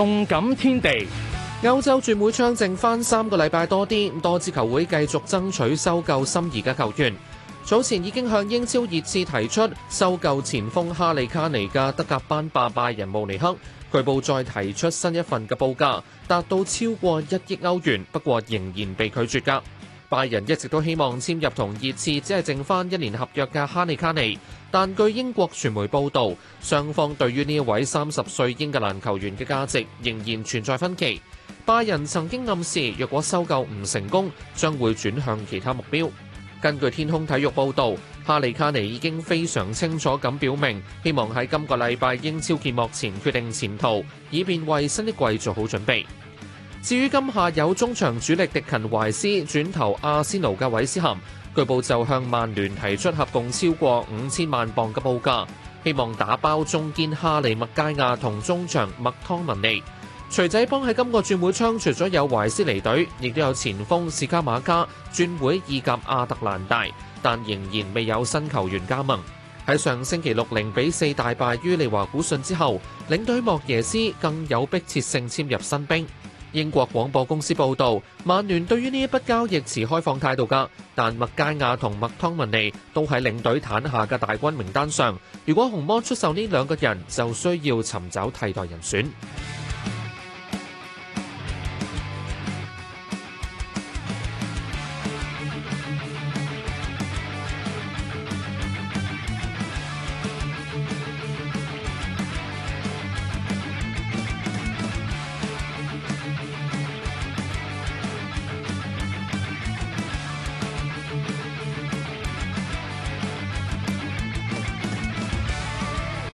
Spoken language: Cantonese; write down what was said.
動感天地，歐洲轉會窗剩翻三個禮拜多啲，多支球會繼續爭取收購心儀嘅球員。早前已經向英超熱刺提出收購前鋒哈利卡尼嘅德甲班霸拜仁慕尼黑，據報再提出新一份嘅報價，達到超過一億歐元，不過仍然被拒絕㗎。拜仁一直都希望簽入同熱刺只係剩翻一年合約嘅哈利卡尼，但據英國傳媒報導，雙方對於呢一位三十歲英格蘭球員嘅價值仍然存在分歧。拜仁曾經暗示，若果收購唔成功，將會轉向其他目標。根據天空體育報導，哈利卡尼已經非常清楚咁表明，希望喺今個禮拜英超揭幕前決定前途，以便為新一季做好準備。至於今夏有中場主力迪勤懷斯轉投阿仙奴嘅韋斯咸，據報就向曼聯提出合共超過五千萬磅嘅報價，希望打包中堅哈利麥佳亞同中場麥湯文尼。鎚仔幫喺今個轉會窗，除咗有懷斯離隊，亦都有前鋒史卡馬加轉會意甲阿特蘭大，但仍然未有新球員加盟。喺上星期六零比四大敗於利華古遜之後，領隊莫耶斯更有迫切性簽入新兵。英國廣播公司報道，曼聯對於呢一筆交易持開放態度㗎，但麥佳亞同麥湯文尼都喺領隊坦下嘅大軍名單上，如果紅魔出售呢兩個人，就需要尋找替代人選。